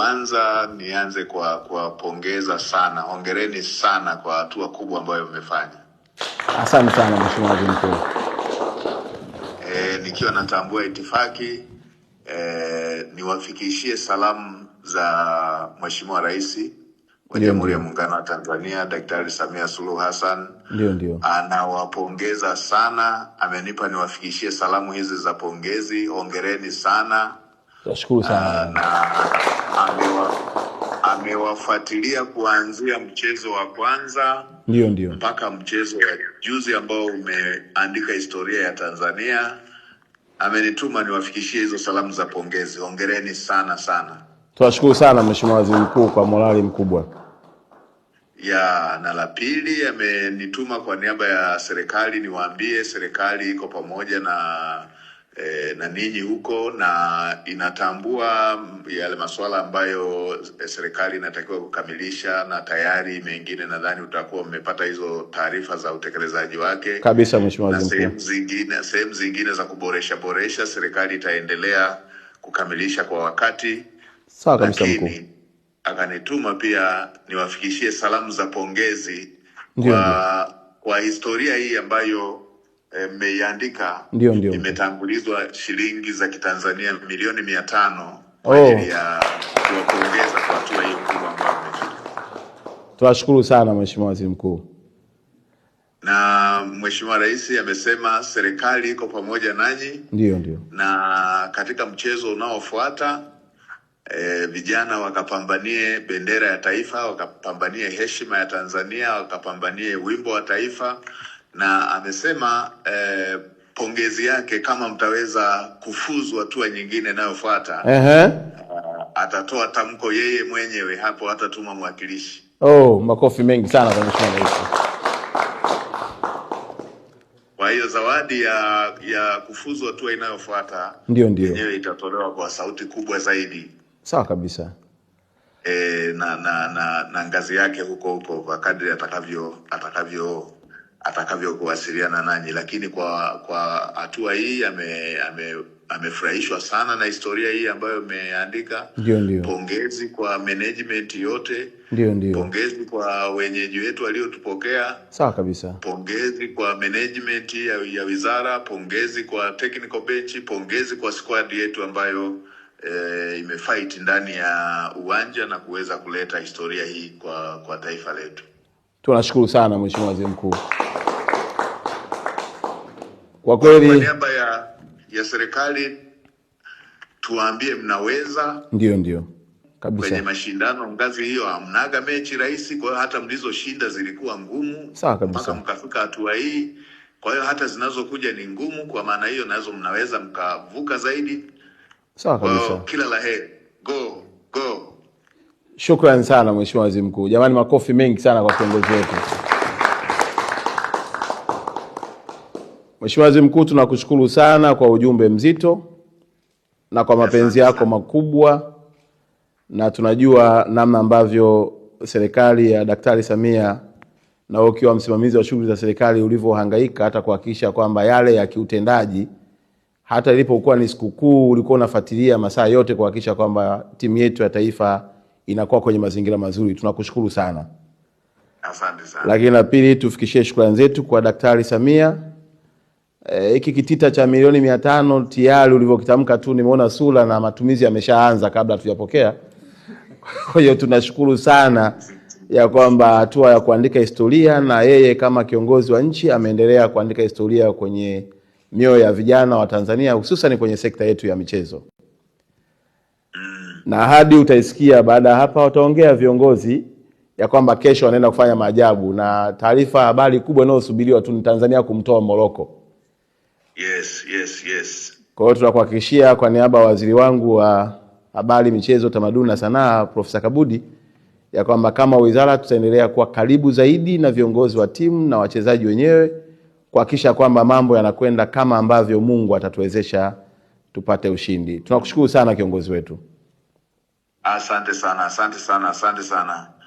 Kwanza nianze kwa kuwapongeza sana, hongereni sana kwa hatua kubwa ambayo mmefanya. Asante sana Mheshimiwa Waziri Mkuu. E, nikiwa natambua itifaki e, niwafikishie salamu za Mheshimiwa Rais wa Jamhuri ya Muungano wa Tanzania Daktari Samia Suluhu Hassan. Ndio, ndio. Anawapongeza sana, amenipa niwafikishie salamu hizi za pongezi. Hongereni sana. Tunashukuru sana ah, amewafuatilia kuanzia mchezo wa kwanza ndio ndio mpaka mchezo wa juzi ambao umeandika historia ya Tanzania. Amenituma niwafikishie hizo salamu za pongezi. Hongereni sana sana. Tunashukuru sana Mheshimiwa Waziri Mkuu kwa morali mkubwa ya. Na la pili, amenituma kwa niaba ya serikali niwaambie serikali iko pamoja na e, na ninyi huko na inatambua yale masuala ambayo eh, serikali inatakiwa kukamilisha, na tayari mengine nadhani utakuwa mmepata hizo taarifa za utekelezaji wake kabisa, Mheshimiwa Sehemu zingine, sehemu zingine za kuboresha boresha, serikali itaendelea kukamilisha kwa wakati. Sawa kabisa mkuu. Akanituma pia niwafikishie salamu za pongezi kwa, kwa historia hii ambayo Eh, mmeiandika e, ndio ndio, imetangulizwa shilingi za Kitanzania milioni mia tano kwa oh. ajili ya kuwapongeza kwa hatua hiyo kubwa ambayo Tunashukuru sana Mheshimiwa Waziri Mkuu. Na Mheshimiwa Rais amesema serikali iko pamoja nanyi. Ndio ndio. Na katika mchezo unaofuata e, vijana wakapambanie bendera ya taifa, wakapambanie heshima ya Tanzania, wakapambanie wimbo wa taifa na amesema eh, pongezi yake kama mtaweza kufuzu hatua nyingine inayofuata uh eh, -huh. Atatoa tamko yeye mwenyewe hapo, hatatuma mwakilishi. Oh, makofi mengi sana kwa mheshimiwa rais. Kwa hiyo zawadi ya ya kufuzu hatua inayofuata ndio ndio yenyewe itatolewa kwa sauti kubwa zaidi. Sawa kabisa. E, na, na, na, na ngazi yake huko huko kwa kadri atakavyo atakavyo atakavyokuwasiliana nanyi, lakini kwa kwa hatua hii ame, ame amefurahishwa sana na historia hii ambayo umeandika. Pongezi kwa management yote. Ndio, ndio. Pongezi kwa wenyeji wetu waliotupokea. Sawa kabisa. Pongezi kwa management ya, ya wizara, pongezi kwa technical bench, pongezi kwa squad yetu ambayo E, imefight ndani ya uwanja na kuweza kuleta historia hii kwa kwa taifa letu. Tunashukuru sana Mheshimiwa Waziri Mkuu, kwa kweli kwa niaba ya, ya serikali tuwaambie mnaweza. Ndio, ndio kabisa. Kwenye mashindano ngazi hiyo hamnaga mechi rahisi, kwa hiyo hata mlizoshinda zilikuwa ngumu, sawa kabisa, mpaka mkafika hatua hii. Kwa hiyo hata zinazokuja ni ngumu, kwa maana hiyo nazo mnaweza mkavuka zaidi. Sawa kabisa, kila la heri. Go, go. Shukran sana Mheshimiwa Waziri Mkuu. Jamani, makofi mengi sana kwa kiongozi wetu. Mheshimiwa Waziri Mkuu, tunakushukuru sana kwa ujumbe mzito na kwa mapenzi yako makubwa, na tunajua namna ambavyo serikali ya Daktari Samia na ukiwa msimamizi wa shughuli za serikali ulivyohangaika hata kuhakikisha kwamba yale ya kiutendaji hata ilipokuwa ni sikukuu ulikuwa unafuatilia masaa yote kuhakikisha kwamba timu yetu ya taifa inakuwa kwenye mazingira mazuri. Tunakushukuru sana, asante sana. Lakini la pili, tufikishie shukrani zetu kwa Daktari Samia. E, hiki e, kitita cha milioni mia tano tayari ulivyokitamka tu nimeona sura na matumizi yameshaanza kabla hatujapokea. Kwa hiyo tunashukuru sana ya kwamba hatua ya kuandika historia na yeye kama kiongozi wa nchi ameendelea kuandika historia kwenye mioyo ya vijana wa Tanzania hususan kwenye sekta yetu ya michezo na ahadi utaisikia baada ya hapa, wataongea viongozi ya kwamba kesho wanaenda kufanya maajabu, na taarifa habari kubwa inayosubiriwa tu ni Tanzania kumtoa Moroko. Yes, yes, yes. Kwa hiyo tunakuhakikishia kwa niaba ya waziri wangu wa habari, michezo, tamaduni na sanaa Profesa Kabudi ya kwamba kama wizara tutaendelea kuwa karibu zaidi na viongozi wa timu na wachezaji wenyewe kuhakikisha kwamba mambo yanakwenda kama ambavyo Mungu atatuwezesha tupate ushindi. Tunakushukuru sana kiongozi wetu. Asante sana, asante sana, asante sana.